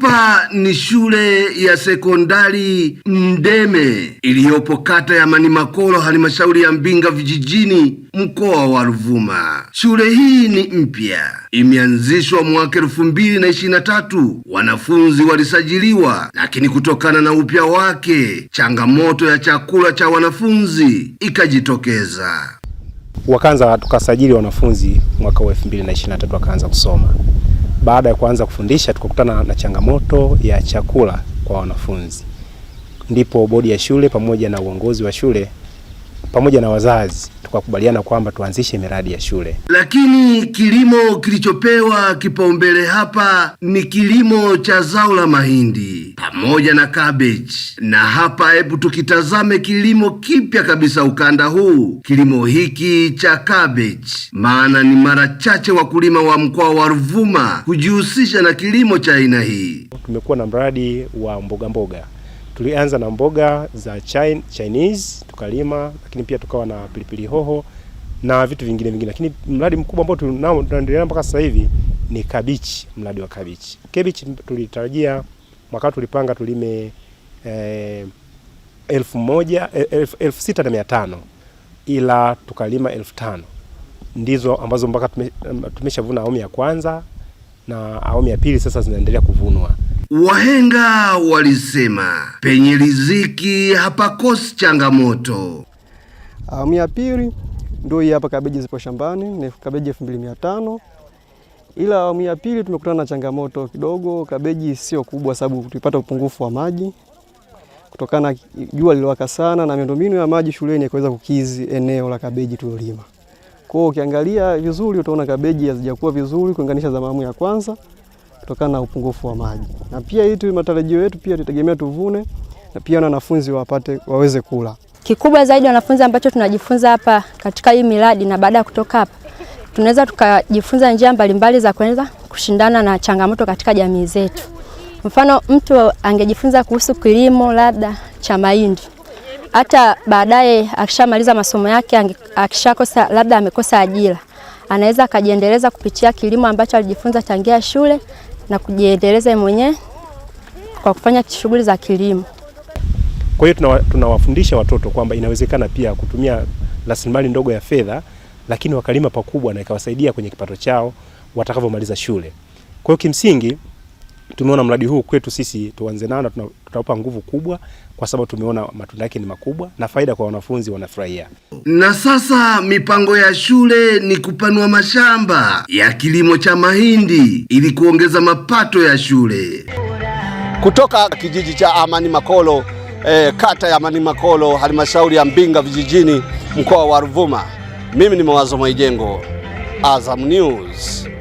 Hapa ni shule ya sekondari mdeme iliyopo kata ya Manimakolo, halmashauri ya Mbinga vijijini, mkoa wa Ruvuma. Shule hii ni mpya, imeanzishwa mwaka elfu mbili na ishirini na tatu. Wanafunzi walisajiliwa, lakini kutokana na upya wake, changamoto ya chakula cha wanafunzi ikajitokeza. Wakaanza tukasajili wanafunzi mwaka wa elfu mbili na ishirini na tatu wakaanza kusoma baada ya kuanza kufundisha tukakutana na changamoto ya chakula kwa wanafunzi, ndipo bodi ya shule pamoja na uongozi wa shule pamoja na wazazi tukakubaliana kwamba tuanzishe miradi ya shule. Lakini kilimo kilichopewa kipaumbele hapa ni kilimo cha zao la mahindi pamoja na cabbage. Na hapa hebu tukitazame kilimo kipya kabisa ukanda huu, kilimo hiki cha cabbage, maana ni mara chache wakulima wa mkoa wa Ruvuma kujihusisha na kilimo cha aina hii. Tumekuwa na mradi wa mboga mboga tulianza na mboga za Chinese tukalima, lakini pia tukawa na pilipili hoho na vitu vingine vingine, lakini mradi mkubwa ambao tunaendelea mpaka sasa hivi ni kabichi, mradi wa kabichi. Kabichi tulitarajia mwaka tulipanga tulime eh, elfu moja elfu, elfu sita na mia tano ila tukalima elfu tano ndizo ambazo mpaka tumeshavuna awamu ya kwanza na awamu ya pili sasa zinaendelea kuvunwa. Wahenga walisema penye riziki hapakosi changamoto. Awamu ya pili ndio hii hapa, kabeji zipo shambani, ni kabeji elfu mbili mia tano ila awamu ya pili tumekutana na changamoto kidogo, kabeji sio kubwa sababu tulipata upungufu wa maji kutokana jua liliwaka sana na miundombinu ya maji shuleni ikaweza kukizi eneo la kabeji tulilima. Kwa hiyo ukiangalia vizuri utaona kabeji hazijakuwa vizuri kuinganisha za ya kwanza kutokana na upungufu wa maji. Na pia hii tu matarajio yetu pia tutegemea tuvune na pia na wanafunzi wapate waweze kula. Kikubwa zaidi wanafunzi ambacho tunajifunza hapa katika hii miradi na baada ya kutoka hapa tunaweza tukajifunza njia mbalimbali za kuweza kushindana na changamoto katika jamii zetu. Mfano, mtu angejifunza kuhusu kilimo labda cha mahindi, hata baadaye akishamaliza masomo yake, akishakosa labda amekosa ajira, anaweza akajiendeleza kupitia kilimo ambacho alijifunza tangia shule na kujiendeleza mwenyewe kwa kufanya shughuli za kilimo. Kwa hiyo tunawafundisha watoto kwamba inawezekana pia kutumia rasilimali ndogo ya fedha lakini wakalima pakubwa na ikawasaidia kwenye kipato chao watakavyomaliza shule. Kwa hiyo kimsingi tumeona mradi huu kwetu sisi tuanze nao na tutaupa nguvu kubwa, kwa sababu tumeona matunda yake ni makubwa na faida kwa wanafunzi wanafurahia. Na sasa mipango ya shule ni kupanua mashamba ya kilimo cha mahindi ili kuongeza mapato ya shule. Kutoka kijiji cha Amani Makolo, eh, kata ya Amani Makolo, halmashauri ya Mbinga vijijini, mkoa wa Ruvuma. Mimi ni Mawazo Mwaijengo, Azam News.